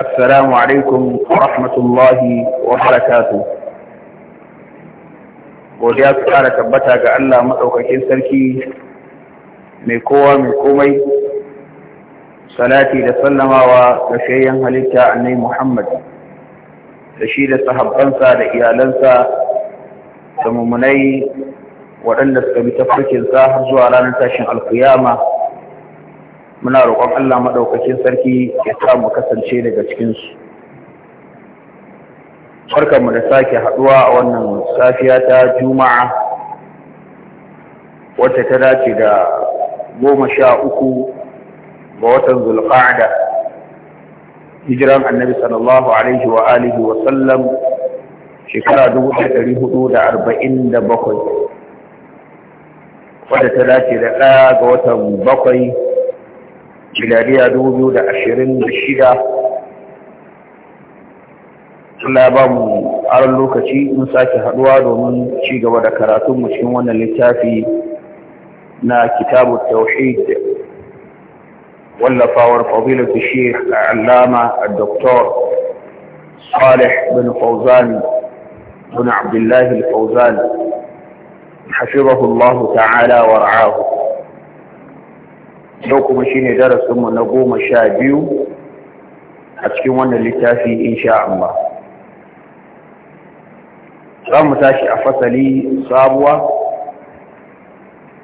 السلام عليكم ورحمة الله وبركاته godiya su ƙara tabbata ga Allah maɗaukakin sarki mai kowa mai komai salati da sallamawa ga shayyan halitta annai Muhammad da shi da sahabbansa da iyalansa da mummunai waɗanda suka bi tafarkinsa har zuwa ranar tashin alkiyama muna roƙon Allah maɗaukakin sarki ya sa mu kasance daga cikinsu mu da sake haɗuwa a wannan safiya ta juma'a Wata ta dace da goma sha uku ga watan zulqa'da hijiran annabi sallallahu alaihi wa alihi wa sallam shekara dubu ɗari hudu da arba'in da bakwai wadda ta dace da ɗaya ga watan bakwai da shida. da ba mu aron lokaci in sake haduwa domin ci gaba da karatun mu cikin wannan littafi na kitabu tauhid wallafawar fadilatu sheikh allama a doktor salih bin fauzan bin abdullahi fauzan hafizahullahu ta'ala wa ra'ahu yau kuma shi shine darasinmu na goma sha biyu a cikin wannan littafi insha amma. za mu tashi a fasali sabuwa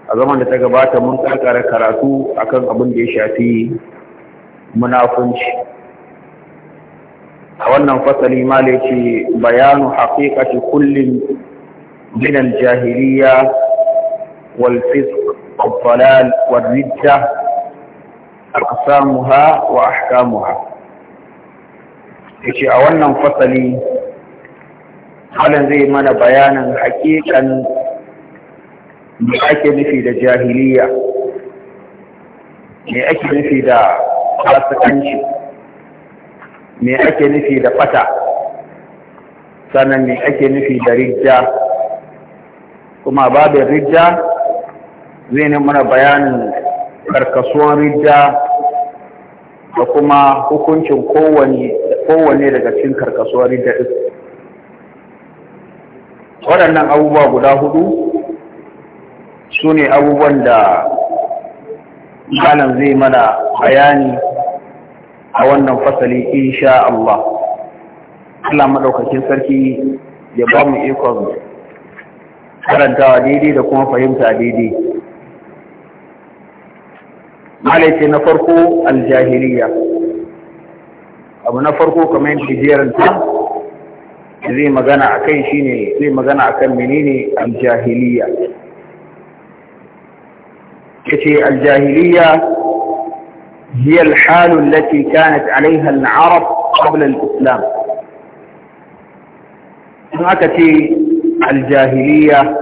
a zaman da ta gabata mun karkara karatu kan abin da ya shafi munafunci a wannan fasali male ce bayanu haƙiƙaci kullum min jahiliya wal fisq wal أقسامها وأحكامها yace a wannan fasali halin zai mana bayanin hakikan me ake nufi da jahiliya me ake nufi da fasikanci me ake nufi da fata sannan me ake nufi da rijja kuma babin rijja zai ne mana bayanin karkasuwan ridda da kuma hukuncin kowane daga cikin karkasuwan ridda ɗin waɗannan abubuwa guda hudu su ne abubuwan da malam zai mana bayani a wannan fasali insha Allah Allah maɗaukakin sarki ya ba mu ikon karantawa daidai da kuma fahimta daidai malai ce na farko aljahiliya abu na farko kamar yadda jeranta zai magana a kai shi ne zai magana a kan menene aljahiliya ya ce aljahiliya هي الحال التي كانت عليها العرب قبل الإسلام هناك الجاهلية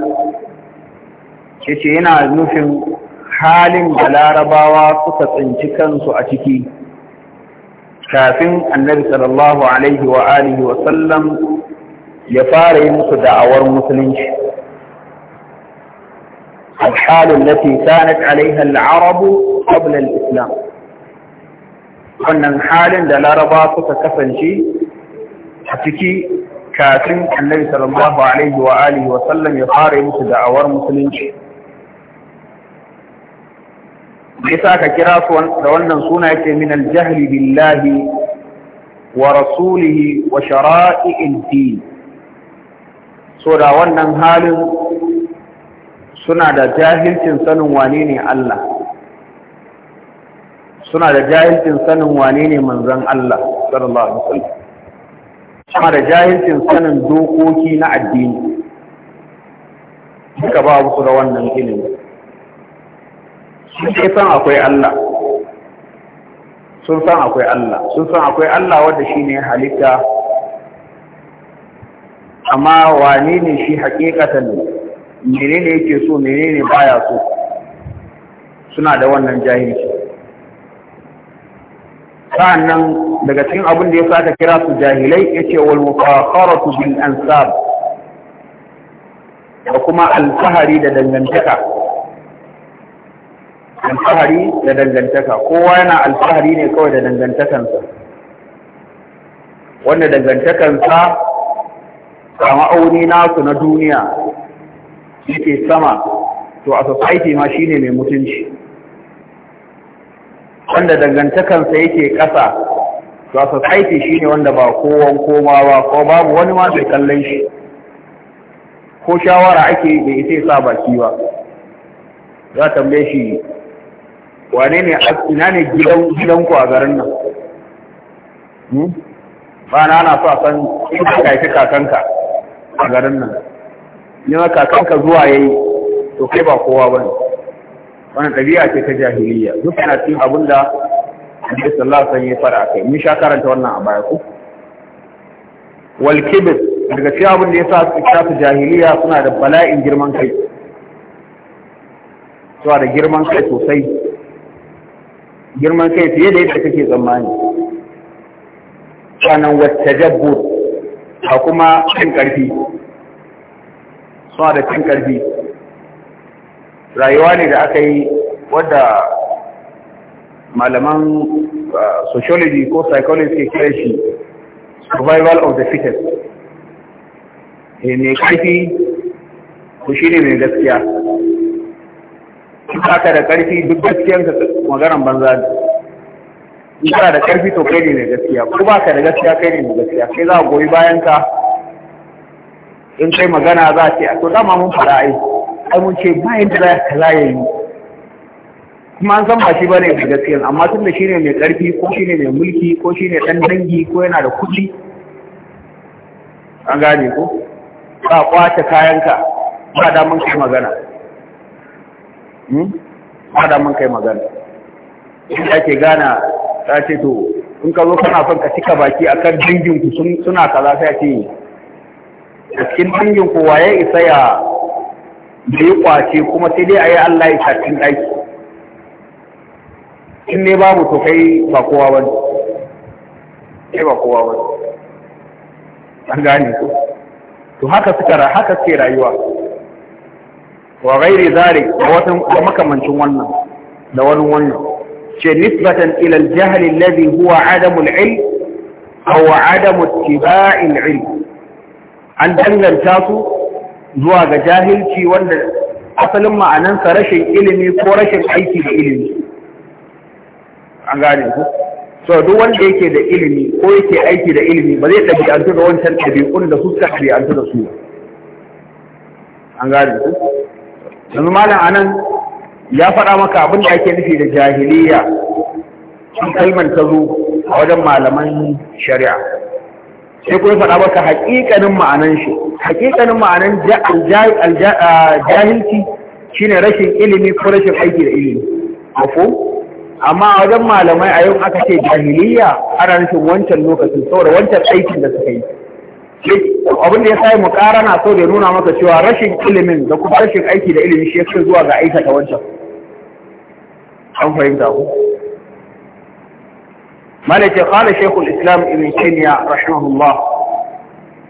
يتي هنا نفهم halin da larabawa suka tsinci kansu a ciki kafin annabi sallallahu alaihi wa alihi wa sallam ya fara yi musu da'awar musulunci الحال التي كانت عليها العرب قبل الإسلام wannan halin da laraba suka kasance a kafin annabi sallallahu alaihi wa sallam ya fara musu da'awar musulunci yasa aka kira su da wannan suna yake min al billahi wa rasulihi wa shara'i'il din so da wannan halin suna da jahilcin sanin wane ne Allah suna da jahilcin sanin wane ne manzon Allah sallallahu alaihi wasallam kuma da jahilcin sanin dokoki na addini duka ba su da wannan ilimi sun san akwai Allah sun san akwai Allah sun san akwai Allah wanda shine halitta amma wane ne shi hakikatan menene yake so menene baya so suna da wannan jahilci sa'annan daga cikin abin da ya saka kira su jahilai yace wal mufakharatu bil ansab da kuma alfahari da dangantaka alfahari da dangantaka kowa yana alfahari ne kawai da dangantakansa wanda dangantakansa a ma'auni nasu na duniya yake sama to a society ma shine mai mutunci wanda dangantakansa yake ƙasa to a society shine wanda ba kowan koma ba ko babu wani ma mai kallon shi ko shawara ake da ita sa baki ba za tambaye shi wane ne ina ne gidanku a garin nan hmm? ba na ana so a san inda ka kakanka a garin nan yana kakanka zuwa ya yi to kai ba kowa ba ne Wani ɗabi'a ce ta jahiliya duk yana cikin abin da Annabi Sallah alaihi yi fara kai mun sha karanta wannan a baya ku wal daga cikin abin da ya sa su ta jahiliya suna da bala'in girman kai suna da girman kai sosai girman kai fiye da yadda kake tsammani sannan wata jabbo a kuma cin ƙarfi suna da cin ƙarfi rayuwa ne da aka yi wadda malaman ah, sociology ko psychology ke kira shi survival of the fittest eh, mai ƙarfi ku shi ne mai gaskiya duk aka da ƙarfi duk gaskiyar maganan banza ne in kana da karfi to kai ne mai gaskiya ko ba ka da gaskiya kai ne mai gaskiya kai za a goyi bayan ka in kai magana za a ce a to dama mun fara ai ai mun ce ba yadda za ka laye yi kuma an san ba shi bane mai gaskiya amma tun da shine mai karfi ko shine mai mulki ko shine dan dangi ko yana da kuɗi an gane ko ba kwace kayanka ba da mun kai magana hmm? ba da mun kai magana inda ake gana ta ce to in ka zo kana son ka cika baki akan danginku suna kaza sai ce a cikin danginku waye isa ya yi kwace kuma sai dai a yi Allah ya cikin ɗaki in ne babu to kai ba kowa ba ne ba kowa ba an gane ku to haka suka haka suke rayuwa wa gairi zare da wata makamancin wannan da wani wannan ce nisbatan ilal jahalin jahl alladhi huwa adam al-ilm aw adam ittiba' ilm an danganta su zuwa ga jahilci wanda asalin ma'anansa rashin ilimi ko rashin aiki da ilimi an gane ku so duk wanda yake da ilimi ko yake aiki da ilimi ba zai ɗabi'antu da wancan ɗabi'un da su suka ɗabi'antu da su an gane ku yanzu malam anan ya faɗa maka abin da ake nufi da jahiliya sun kalmar ta zo a wajen malaman shari'a sai kuma faɗa maka haƙiƙanin ma'anan shi haƙiƙanin ma'anan jahilci shine rashin ilimi ko rashin aiki da ilimi mafhum amma a wajen malamai a yau aka ce jahiliya ana nufin wancan lokacin saboda wancan aikin da suka yi abin da ya sai mu karana so da nuna maka cewa rashin ilimin da kuma rashin aiki da ilimin shi yake zuwa ga aikata wancan an fahimta ku malaka qala shaykhul islam ibn taymiya rahimahullah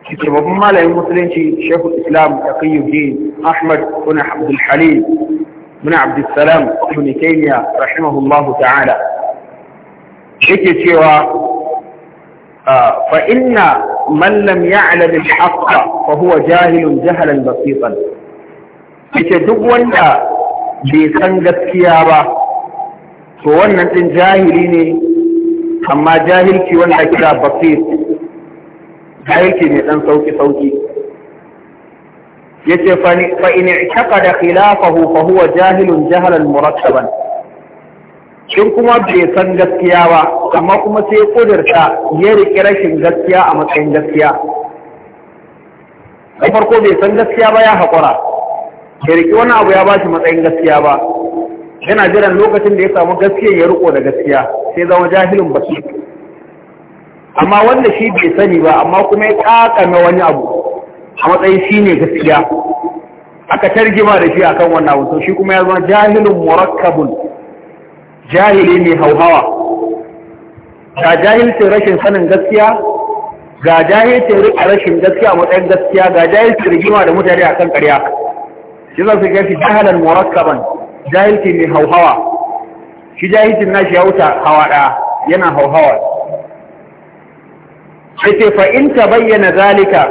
kike babban malamin musulunci shaykhul islam taqiyuddin ahmad ibn abdul halim ibn abdul salam ibn taymiya rahimahullah ta'ala yake cewa fa inna man lam ya'lam al-haqq fa huwa jahilun jahalan basitan yake duk wanda bai san gaskiya ba to wannan din jahili ne amma jahilci wanda a kira basir jahilci ɗan dan sauki sauki yace fa in da khilafahu fa huwa jahilun jahalan murattaban shin kuma bai san gaskiya ba amma kuma sai kudurta ya riƙe rashin gaskiya a matsayin gaskiya da farko bai san gaskiya ba ya haƙura ya riƙi wani abu ya ba shi matsayin gaskiya ba yana jiran lokacin da ya samu gaskiya ya riko da gaskiya sai zama jahilin baki amma wanda shi bai sani ba amma kuma ya kakame wani abu a matsayin shi ne gaskiya aka targima da shi akan wannan abu shi kuma ya zama jahilin murakkabun jahili ne hauhawa ga jahilcin rashin sanin gaskiya ga jahilcin rika rashin gaskiya a matsayin gaskiya ga jahilcin rigima da mutane akan ƙarya shi zan su gashi jahalan murakkaban jahilci mai hauhawa shi jahilcin nashi ya wuta hawa ɗaya yana hauhawa sai ce fa'in ta bayyana zalika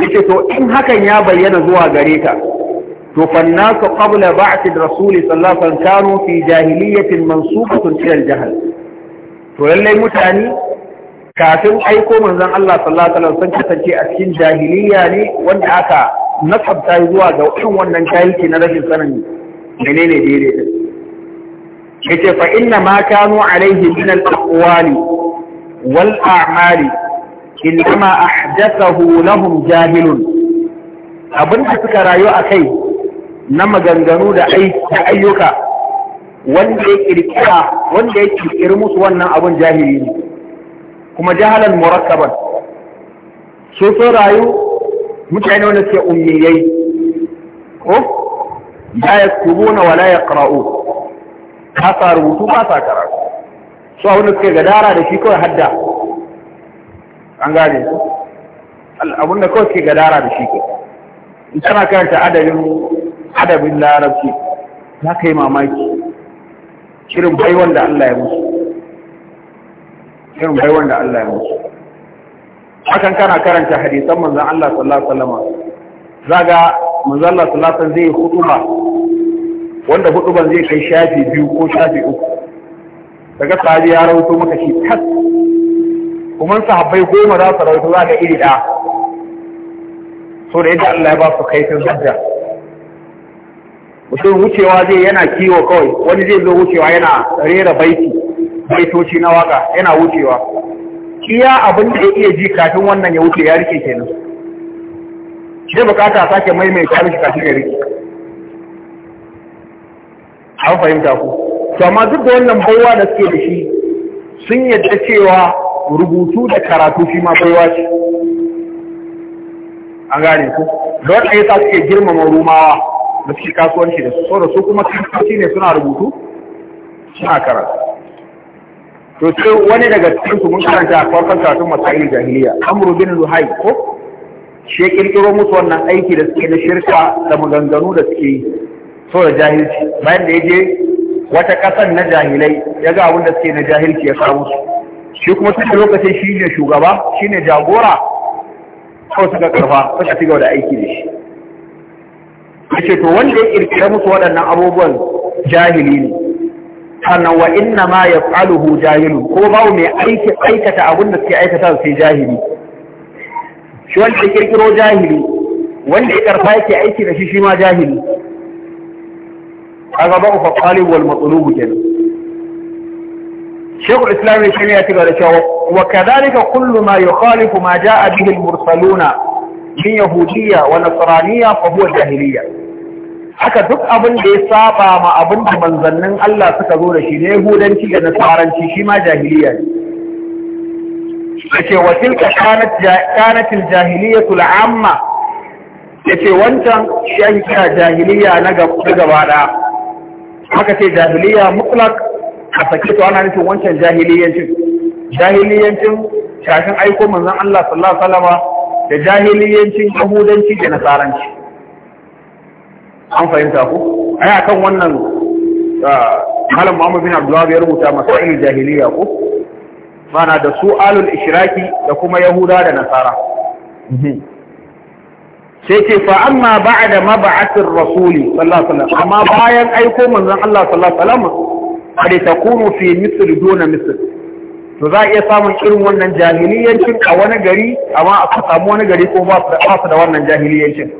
yake to in hakan ya bayyana zuwa gare ka to fannasu qabla ba'ti rasuli sallallahu alaihi fi jahiliyatin mansubatun ila al to lallai mutane kafin aiko manzon Allah sallallahu alaihi kasance a cikin jahiliya ne wanda aka nasabta zuwa ga wannan jahilci na rashin sanani menene daidai din ce fa inna ma kanu alaihi min al-aqwali wal a'mali innama ahdathahu lahum jahilun abinda suka rayu akai na maganganu da ayyuka wanda ya kirkira wanda ya kirkiri musu wannan abun jahili ne kuma jahalan murakkaban su sun rayu mutane wanda suke ummiyai ko la yaktubuna wa la yaqra'un ba sa rubutu ba sa karatu su abin da suke gadara da shi kawai hadda an gane abin da kawai suke gadara da shi kai. in tana karanta adabin adabin larabci za ka yi mamaki shirin bai wanda Allah ya musu shirin bai wanda Allah ya musu hakan kana karanta hadisan manzon Allah sallallahu alaihi wasallam zaga manzala salatan zai yi huduma wanda huduman zai kai shafi biyu ko shafi uku daga sahabi ya rawaito maka shi tas kuma sahabbai goma za su rawaito za ga iri ɗaya so da yadda Allah ya ba su kai sun hajja mutum wucewa zai yana kiwo kawai wani zai zo wucewa yana rera baiti baitoci na waka yana wucewa iya abin da ya iya ji kafin wannan ya wuce ya rike kenan shi bukata a sake maimaita mishi kafin gari a an fahimta ku to amma duk da wannan baiwa da suke da shi sun yadda cewa rubutu da karatu shi ma baiwa ce an gane ku da wata yasa suke girmama rumawa da suke kasuwanci da su so da su kuma kasuwanci ne suna rubutu suna karatu to sai wani daga cikin su mun karanta a farkon karatun masail jahiliya amru bin luhai ko shi kirkiro musu wannan aiki da suke na shirka da maganganu da suke yi so da jahilci bayan da ya je wata ƙasan na jahilai ya ga abin da suke na jahilci ya kawo su. shi kuma suke lokacin shi ne shugaba shi ne jagora kawai suka karfa suka ci gaba da aiki da shi ya ce to wanda ya kirkira musu waɗannan abubuwan jahili ne sannan wa inna ma ya faluhu jahilu ko babu mai aikata abin da suke aikata sai jahili shi wanda kirkiro jahili wanda ya karfa yake aiki da shi shi ma jahili a gaba ufa kwalin wal matsulubu kenan shekul islam ya shirya ci gada cewa wa kadalika kullu ma yukhalifu ma ja'a bihi al-mursaluna min yahudiyya wa nasraniyya fa huwa jahiliyya haka duk abin da ya saɓa ma abin da manzannin Allah suka zo da shi ne yahudanci da nasaranci shi ma jahiliyya ne yake wa tilka kanat kanat al-jahiliyyah al-amma yace wancan shi kira jahiliya na gaba da haka ce jahiliya mutlak a sake to ana nufin wancan jahiliyancin jahiliyancin shafin aiko manzon Allah sallallahu alaihi wasallam da jahiliyancin yahudanci da nasaranci an fahimta ku ai akan wannan ah, malam Muhammad bin Abdullah ya rubuta masail jahiliya ko mana da su alul ishiraki da kuma yahuda da nasara mhm. sai ce fa amma da mab'athir rasuli sallallahu amma bayan aiko manzan Allah sallallahu alaihi wasallam ta kuma fi misir dona misir. to za a iya samun irin wannan jahiliyancin a wani gari amma aka samu wani gari ko ba su da wannan jahiliyancin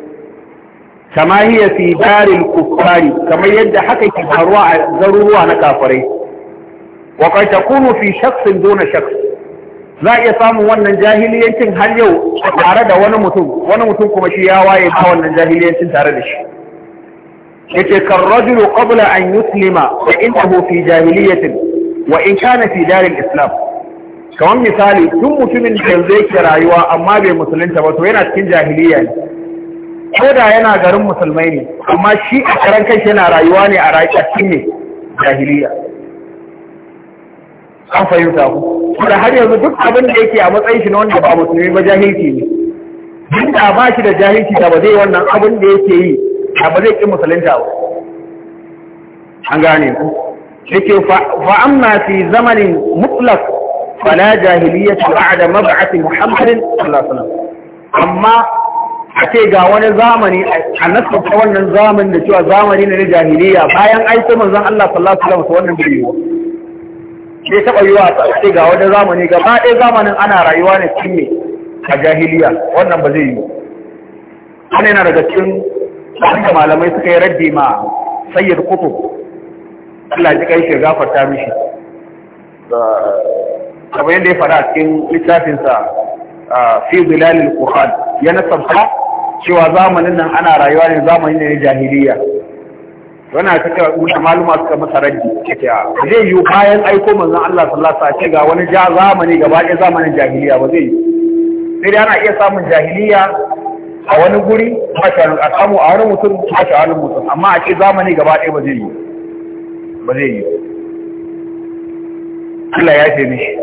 kama hiya fi kuffari kamar yadda haka ke faruwa a garuruwa na kafirai wa qad takunu fi shakhsin duna shaks. za iya samun wannan jahiliyancin har yau tare da wani mutum wani mutum kuma shi ya waye ba wannan jahiliyancin tare da shi yace kan rajulu qabla an yuslima wa innahu fi jahiliyatin wa in kana fi daril islam kamar misali duk mutumin da yanzu yake rayuwa amma bai musulunta ba to yana cikin jahiliya ne ko da yana garin musulmai ne amma shi a karan kanshi yana rayuwa ne a rayuwa cikin ne jahiliya an fahimta ku da har yanzu duk abin da yake a matsayin shi na wanda ba musulmi ba jahilci ne duk da ba shi da jahilci da ba zai wannan abin da yake yi da ba zai ƙi musulunta ba an gane ku yake fa'amma fi zamanin mutlak fala jahiliya ta ba'ada mab'ati muhammadin sallallahu alaihi wasallam amma a ce ga wani zamani a nasarta wannan zamanin da cewa zamani ne na jahiliya bayan aiko manzon Allah sallallahu alaihi wasallam wannan bai yi bai taɓa yiwa a ce ga wani zamani gaba ɗaya zamanin ana rayuwa ne cikin ne a jahiliya wannan ba zai yi wani yana daga cikin da malamai suka yi raddi ma sayyar kutu Allah ji kai shi gafarta mishi kamar yadda ya faɗa a cikin littafinsa fi zilalil qur'an ya nasabta cewa zamanin nan ana rayuwa ne zamanin ne na jahiliya wannan suka wuce maluma suka masa raddi suke a zai yi bayan aiko manzon Allah sallallahu alaihi ga wani ja zamani gaba ɗaya zamanin jahiliya ba zai yi sai dai ana iya samun jahiliya a wani guri masharin a samu a wani mutum masharin mutum amma a ce zamani gaba ɗaya ba zai yi ba zai yi Allah ya ce mishi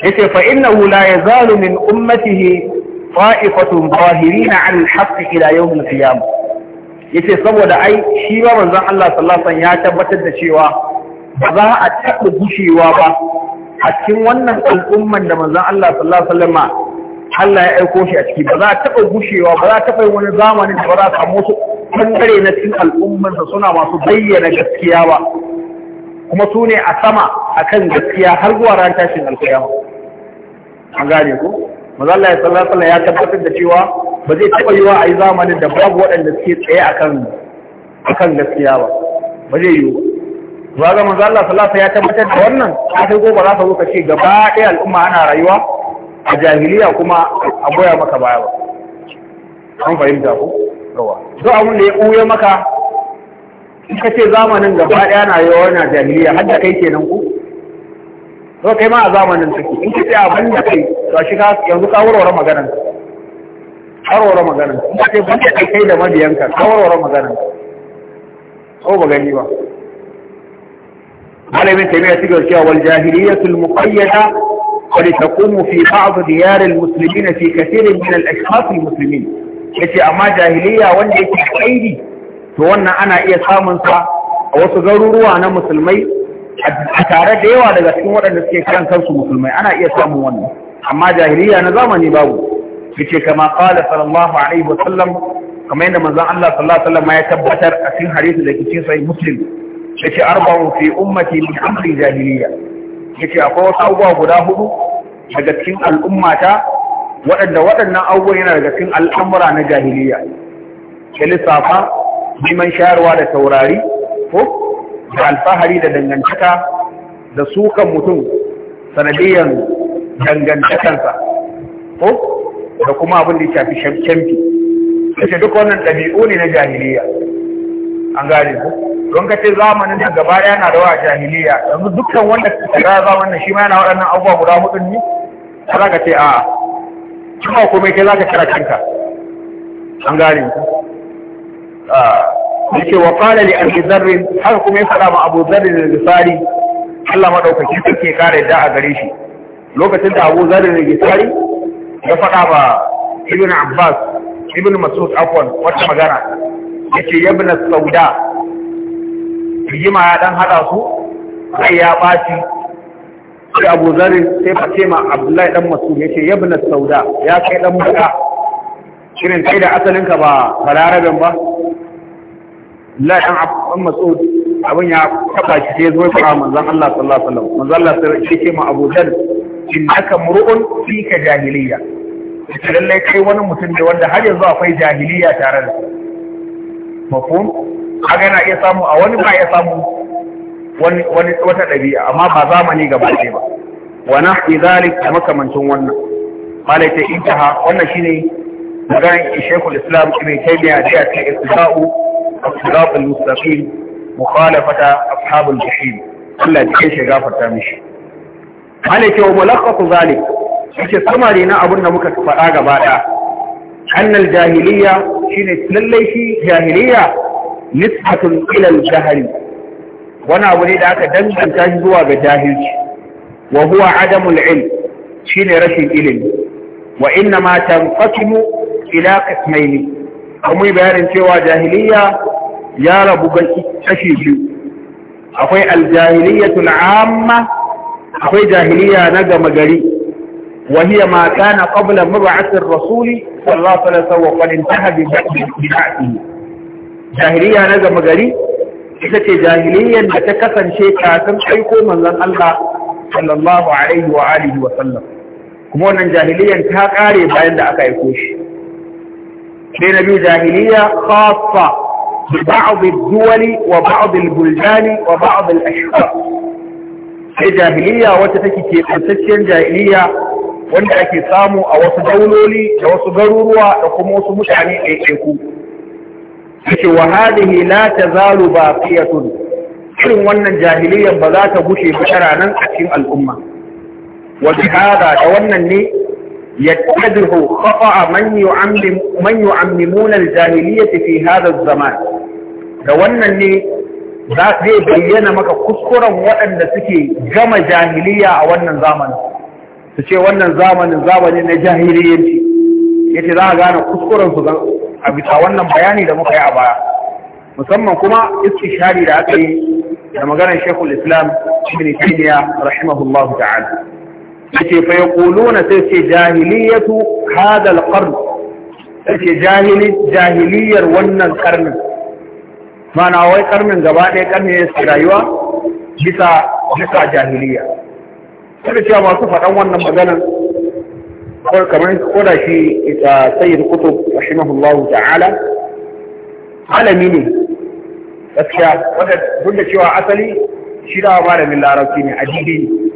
yace fa innahu la yazalu min ummatihi fa'ifatun zahirina 'ala al-haqqi ila yawm al-qiyamah yace saboda ai shi ba manzon Allah sallallahu alaihi wasallam ya tabbatar da cewa ba za a taɓa gushewa ba a cikin wannan al'umman da manzon Allah sallallahu alaihi wasallam Allah ya aiko shi a ciki ba za a taɓa gushewa ba za a taɓa wani zamani da ba za a samu su bangare na cikin al'ummansa suna masu bayyana gaskiya ba kuma su ne a sama akan gaskiya har zuwa ran tashin alkiyama an gane ku Maza Allah sallallahu alaihi ya tabbatar da cewa ba zai taba yiwa a yi zamanin da babu waɗanda suke tsaye akan kan gaskiya ba ba zai yiwu ba ga manzo Allah sallallahu ya tabbatar da wannan a sai gobe za ka zo ka ce gaba ɗaya al'umma ana rayuwa a jahiliya kuma a goya maka baya ba an fahimta ku rawa duk abin da ya ɓuya maka in ka ce zamanin gaba ɗaya na wani na jahiliya Hadda kai kenan ku to kai ma a zamanin take in kace abin da kai to shi ka yanzu ka warware maganar ka warware maganar in kace ban da kai da mabiyanka ka warware maganar ko ba gani ba malamin taimiyya cikin cewa wal jahiliyatul muqayyada قد تقوم في بعض ديار المسلمين في كثير من الأشخاص المسلمين yace amma jahiliya wanda yake kaidi to wannan ana iya samun sa a wasu garuruwa na musulmai a tare da yawa daga cikin waɗanda suke kan kansu musulmai ana iya samun wannan amma jahiliya na zamani babu yace kama qala sallallahu alaihi wa sallam kamar yadda manzon Allah sallallahu alaihi wa sallam ya tabbatar a cikin hadisi da cikin sahih muslim yace arba'u fi ummati min amri jahiliya yace akwai wasu abubuwa guda hudu daga cikin al'ummata waɗanda waɗannan abubuwan yana daga cikin al'amura na jahiliya ke lissafa neman shayarwa da taurari ko da alfahari da dangantaka da sukan mutum sanadiyyar dangantakansa ko da kuma abin da ya shafi shamfi kace duk wannan ɗabi'u ne na jahiliya an gane ku don ka ce zamanin da gaba ɗaya na da wa jahiliya yanzu dukkan wanda ka za zamanin shi ma yana waɗannan abubuwa guda hudun ne za ka ce a kuma komai kai za ka kira kanka an gane ku yake wa fara li abu zarri har kuma ya fada ma abu zarri da gisari Allah madaukaki suke kare da a gare shi lokacin da abu zarri da gisari ya fada ma ibn abbas ibn mas'ud afwan wata magana yake yabna sauda rigima ya dan hada su sai ya baci sai abu zarri sai face ma abdullahi dan mas'ud yace yabna sauda ya kai dan muka shirin kai da asalinka ba balaraben ba la dan abun mas'ud abun ya taba shi sai zo fara manzon Allah sallallahu alaihi wasallam manzon Allah sai ya ce ma Abu Dal innaka mur'un fika jahiliya ita lallai kai wani mutum ne wanda har yanzu akwai jahiliya tare da mafhum kaga yana iya samu a wani ba ya samu wani wata ɗabi'a amma ba zamani gaba ɗaya ba wa nahwi zalik makamancin wannan malaita intaha wannan shine maganar shekul Islam Ibn Taymiyyah da ya ce istihau الصراط المستقيم مخالفة أصحاب الجحيم Allah jikin shi gafarta mishi ana cewa mulaqqatu zalik yake samari na abin da muka faɗa gaba da annal jahiliya shine lallai shi jahiliya nisbatun ila al-jahl wani abu ne da aka danganta shi zuwa ga jahilci Wahuwa huwa adamul ilm shine rashin ilimi wa inna matan tanqasimu ila qismayn kuma yi bayanin cewa jahiliya ya rabu kashi biyu akwai aljahiliyatul amma akwai jahiliya na gama gari mata na كان قبل rasuli الرسول صلى الله عليه وسلم وقد انتهى Jahiliya na gama gari ita ce jahiliyyar da ta kasance kafin aiko manzon Allah sallallahu alaihi wa alihi wa sallam kuma wannan jahiliyyar ta kare bayan da aka aiko shi sai na biyu jahiliya khassa bi ba'd ad-duwali wa ba'd al-buldani wa ba'd sai jahiliya wata take ke tsantacciyar jahiliya wanda ake samu a wasu dauloli da wasu garuruwa da kuma wasu mutane ɗaiɗaiku yake wa hadihi la tazalu baqiyatun irin wannan jahiliyyar ba za ta gushe ba nan a cikin al'umma wa bihada da wannan ne يتبه خطأ من يعمم من يعممون الجاهلية في هذا الزمان da wannan ne za zai bayyana maka kuskuren waɗanda suke gama jahiliya a wannan zamanin su ce wannan zamanin zamani na jahiliyanci ce za a gane kuskurensu a bisa wannan bayani da muka yi a baya musamman kuma istishari da aka yi da maganar shekul Islam Ibn Taymiyyah rahimahullahu ta'ala yace fa yaquluna sai ce jahiliyatu hadha al-qarn sai jahili jahiliyar wannan karnin mana wai karnin gaba ɗaya karnin ya su rayuwa bisa bisa jahiliya sai cewa masu faɗan wannan maganan kamar ko da shi ita, sayyid kutub rahimahullahu ta'ala alami ne gaskiya wanda duk da cewa asali shi da malamin larabci ne ajibi ne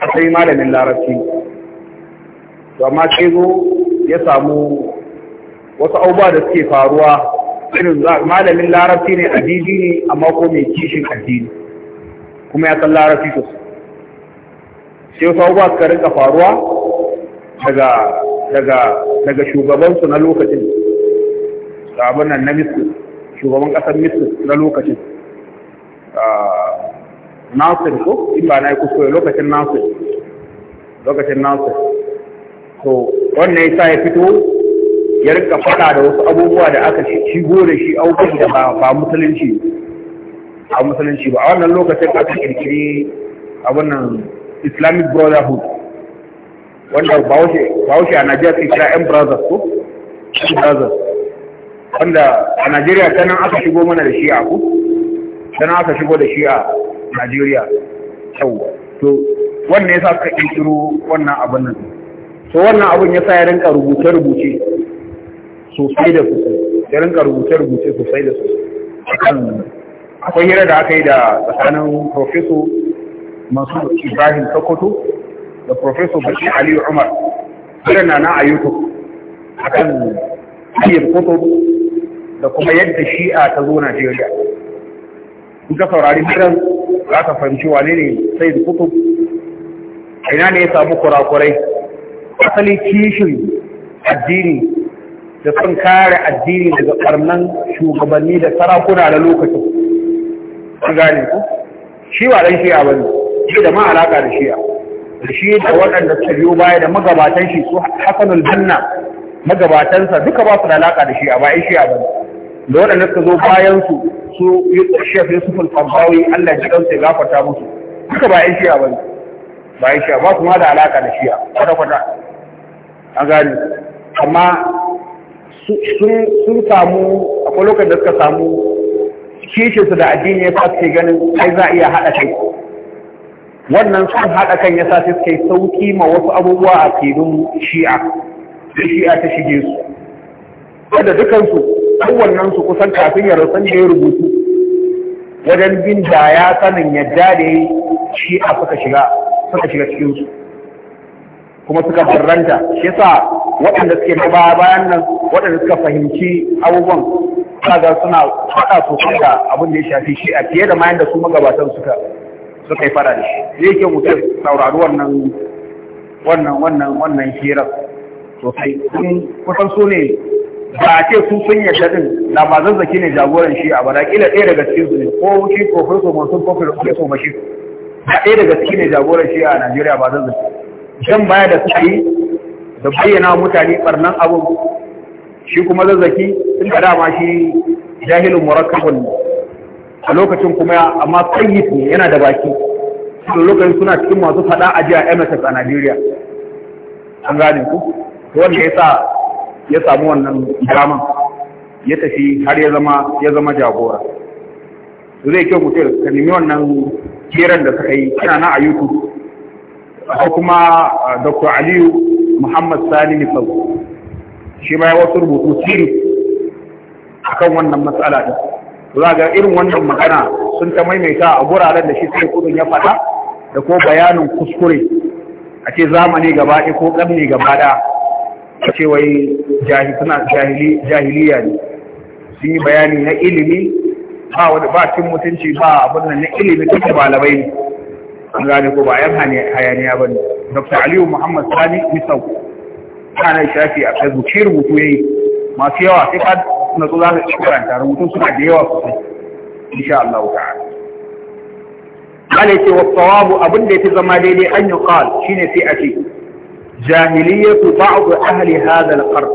asali malamin larabci to amma ya samu wasu abubuwa da suke faruwa irin malamin larabci ne addini ne amma ko mai kishin addini kuma ya san larabci sosai sai wasu abubuwa suka rinka faruwa daga shugabansu na lokacin da nan na misir shugaban ƙasar misir na lokacin ah, nasir ko in ba na yi kuskure lokacin nasir lokacin nasir So wannan ya sa ya fito ya rinka faɗa da wasu abubuwa da aka shigo da shi aukin da ba musulunci a musulunci ba a wannan lokacin aka kirkiri a wannan islamic brotherhood wanda wuce a najeriya ke kira yan brothers ko yan brothers wanda a najeriya ta nan aka shigo mana da shi'a ko ta aka shigo da shi'a Najeriya kyau to wannan yasa suka kirkiro wannan abin nan so wannan abin yasa ya rinka rubuce rubuce sosai da sosai ya rinka rubuce rubuce sosai da sosai akwai hira da aka yi da tsakanin professor Mansur Ibrahim Sokoto da professor Bashir Aliyu Umar hira na na a YouTube akan hanyar kutub da kuma yadda shi'a ta zo Najeriya. Kuka saurari hirar za ka fahimci wane ne sai da kutub ina ne ya samu kurakurai asali kishin addini da sun kare addini daga ɓarnan shugabanni da sarakuna da lokacin su gane ku shi ba ɗan shiya ba ne shi da ma alaƙa da shiya da shi da waɗanda suka biyo baya da magabatan shi su hasanul banna magabatansa duka ba su da alaƙa da shiya ba ɗan shiya ba ne da waɗanda suka zo bayansu su shef yusuf al-qabawi Allah ji kansa ya gafarta musu duka ba yan shiya ba ne ba yan shiya ba kuma da alaka da shiya kwata kwata A gani amma sun samu akwai lokacin da suka samu kishinsu da addini ya sa suke ganin kai za a iya haɗa kai wannan sun haɗa kan ya sa suke sauƙi ma wasu abubuwa a filin shi'a da shi'a ta shige su wanda dukansu kowannen su kusan kafin ya rasan da ya rubutu wajen bin da ya sanin yadda da ya shi a suka shiga suka shiga cikin su kuma suka farranta. shi yasa waɗanda suke na bayan nan waɗanda suka fahimci abubuwan kaga suna faɗa su da abin da ya shafi shi a fiye da ma yanda su magabatan suka suka yi fara da shi zai ke mutum saurari wannan wannan wannan wannan hirar sosai kusan su ne ba a ce su sun yadda din na ba zazzaki ne jagoran shi a bara kila ɗaya daga cikin su ne ko shi professor Mansur ko professor Mashi a ɗaya daga cikin ne jagoran shi a Najeriya ba zazzaki shan baya da su yi da bayyana mutane barnan abun shi kuma zazzaki tun da dama shi jahilin murakkabun a lokacin kuma amma sayyid ne yana da baki lokacin suna cikin masu fada a jiya MSS a Najeriya an gane ku wanda ya sa ya samu wannan daman ya tafi har ya zama ya zama jagora to zai kyau mutum ka nemi wannan kiran da suka yi kana na a YouTube ko kuma ah, Dr. Aliyu Muhammad Sani Nifau shi ma wasu rubutu siri kan wannan matsala din su za ga irin wannan magana sun ta maimaita a guraren da shi sai kudin ya faɗa da ko bayanin kuskure a ce zamani gaba ɗaya ko ƙarni gaba ɗaya a ce wai jahiliya ne sun yi bayani na ilimi ba wani ba cin mutunci ba abin nan na ilimi duk da balabai ne an gane ko ba yan hayaniya ba ne dr aliyu muhammad sani misau kana shafi a facebook shi rubutu ya yi masu yawa sai ka na zo za ka ci karanta rubutun suna da yawa sosai insha Allah ta'ala kale ce wa tsawabu abin da ya fi zama daidai an yi kal shine sai a ce جاهلية بعض أهل هذا القرن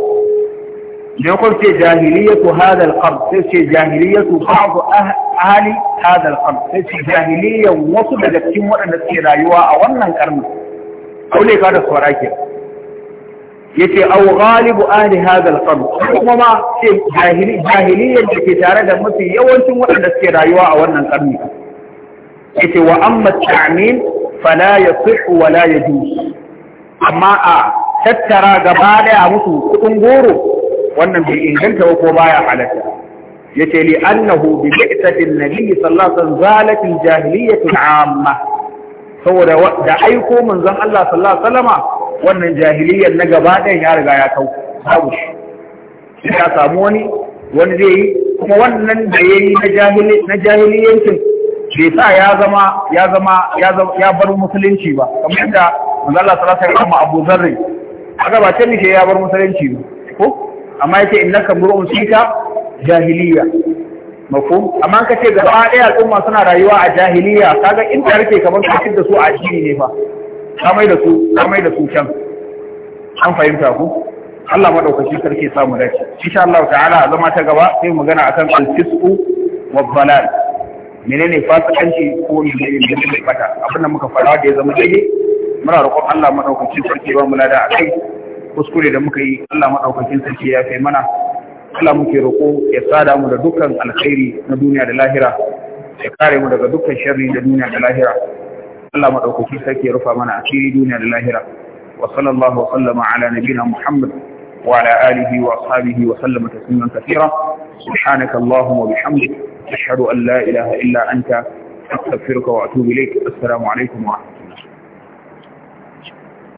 نقول في جاهلية هذا القرن في جاهلية بعض أه- أهل هذا القرن في جاهلية وصل لكم وأن السيرة يواء وأن القرن او لك هذا السوراك يتي أو غالب أهل هذا القرن وما في جاهلية جاهلية التي تارد مثل يوان ثم وأن السيرة يواء وأن القرن يتي وأما التعميم فلا يصح ولا يجوز amma a tattara gaba daya musu kudin goro wannan bai inganta ko baya halatta yace li annahu bi bi'tati an-nabi sallallahu alaihi wasallam zalatil jahiliyyatu amma saboda da aiko manzon Allah sallallahu alaihi wasallama wannan jahiliyyar na gaba ya riga ya kau babu shi ya samu wani wani zai yi kuma wannan da yayi na jahili na jahiliyyancin bai sa ya zama ya zama ya bar musulunci ba kamar yadda Allah sallallahu alaihi wasallam Abu Dharr kaga ba ta nishi ya bar musulunci ko amma yake innaka mur'un sita jahiliya mafhum amma ka ce gaba ɗaya al'umma suna rayuwa a jahiliya kaga in ta rike kamar ka da su a addini ne fa ka mai da su ka da su can an fahimta ku Allah madaukakin sarki samu dace insha Allah ta'ala zama ta gaba sai magana akan al-fisqu wa balal menene fasikanci ko menene fata? abin da muka fara da ya zama daidai muna roƙon Allah madaukakin sarki ba mu lada akai kuskure da muka yi Allah madaukakin sarki ya kai mana Allah muke roƙo ya sada mu da dukkan alkhairi na duniya da lahira ya kare mu daga dukkan sharri da duniya da lahira Allah madaukakin sarki ya rufa mana asiri duniya da lahira wa sallallahu wa sallama ala nabiyina Muhammad wa ala alihi wa ashabihi wa sallama tasliman kathira subhanaka allahumma wa bihamdik ashhadu an la ilaha illa anta astaghfiruka wa atubu ilayk assalamu alaikum wa